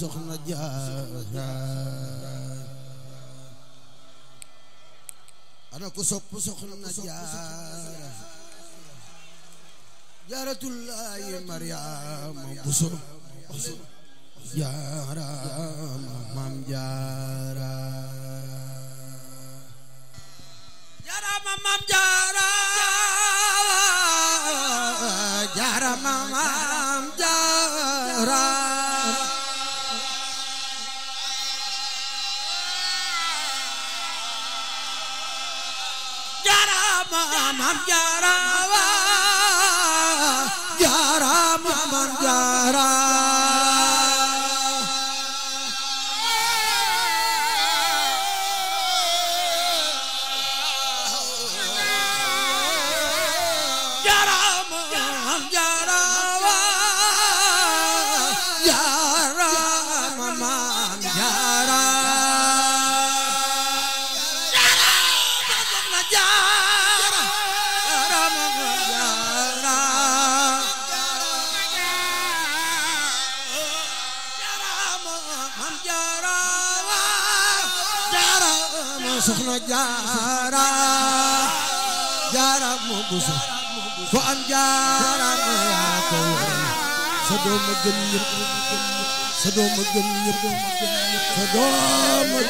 soxna jaara ana ko sopp soxna jaara jaaratullaahi maryaama buso jaara maam jaara jaara maam jaara jaara maam jaara maman jaara jaara jaara ma soxna jaara jaara mo busu am jaara ma yaa ko sa doom ma gëm ñëpp sa doom ma gëm ñëpp sa doom ma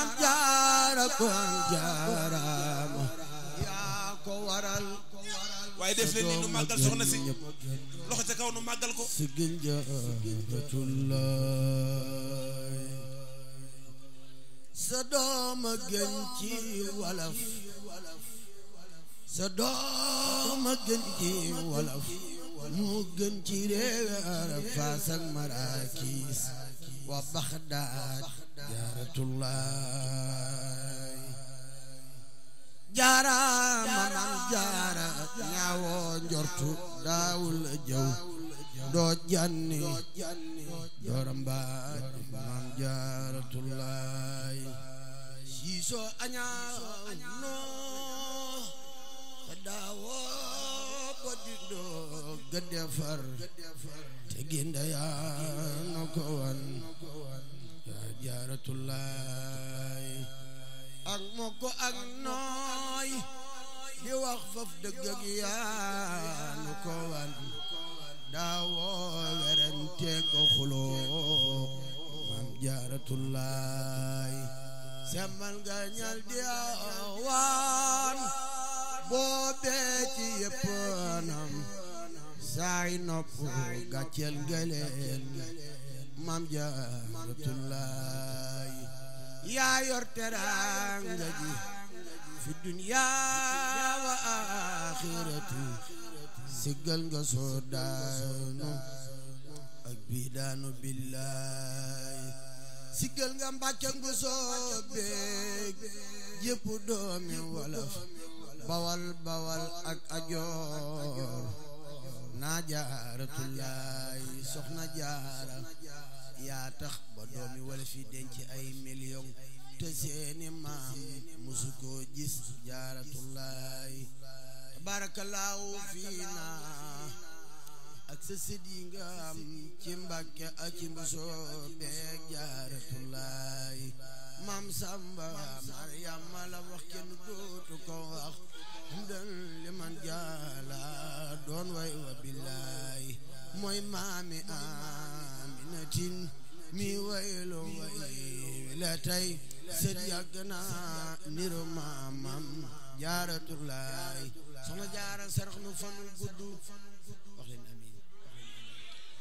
am jaara kaw nu màggal ko sigil jaaratullaay sa doom a gën walaf sa doom a gën ci walaf moo gën ci jaaratullaay jaaraam waxtu daawul jaw doo janni dooram baat maam jaaratullaay siisoo añaanoo te daawoo ba di doo gëdde far te ginda yaa na yaa jaaratullaay ak mokko ak nooy di wax faf dëgg yaa nu ko wan daawoo werante ko xuloo maam jaaratullaay semmal nga di awaan boobee ci yëpp anam saay nopp gàcceel ngeleen maam jaaratullaay yaa yor teraanga ji fi duniyaa aaxirati siggal nga soo daanu ak bii daanu siggal nga mbàcca ngu soo beeg yépp doomi wolof bawal bawal ak ajoor naa jaaratullaay soxna jaara yaa tax ba doomi wolof yi denc ay million te seeni maam musu koo gis jaaratullaay barakallahu fiina ak sa sët nga am ci mbàkke ak ci mbusoo beeg jaaratulaay samba maryama la wax kenn dootu ko wax hamdan liman jaala doon way wa billaay mooy maami aminatin mi waylo way la tey sët yàgg na niru maamam jaaratullaay soxna jaara sarax nu fanu gudd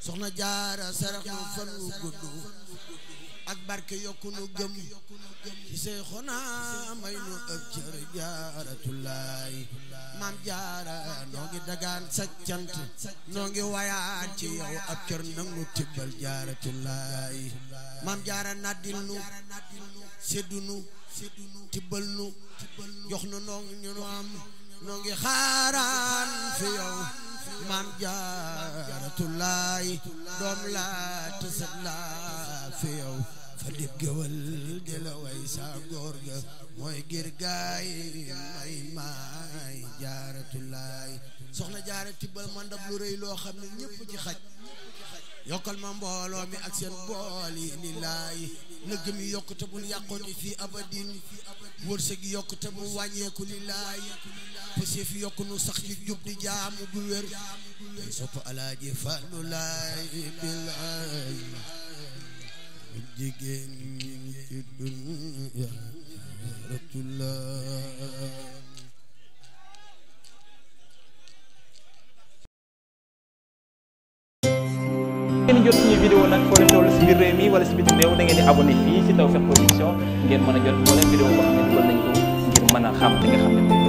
soxna jaara sarax nu fan wu gudd ak barke yokku nu gëm ci say xona may nu ëpp cër jaaratullaay maam jaara noo ngi dagaan sa noo ngi wayaat ci yow ab cër nag nu tibbal jaaratullaay maam jaara naddil nu seddu tibbal nu jox nu noo ñu nu am nu ngi xaaraan fi yow maam jaaratullaay doom laa tësët laa fi yow fa dib géwël di la way saa góor mooy gir gaay may maay jaaratullaay soxna jaara tibbal ma ndab lu rëy loo xam ne ñépp ci xaj yokkal ma mbooloo mi ak seen bool yi lillaahi na gëm yi yokkute bul yàqooti fii abadin wërsëg yi yokkute bu wàññeeku lillaahi pësee fi yokku nu sax ci jub di jaamu bu wér day sopp alaaji fàllu laay billaahi jigéen ci dunya ratullah ngeen jot suñu vidéo nag foo leen moo leen vidéo boo xam ne dugal nañ ko ngir mën a li nga xam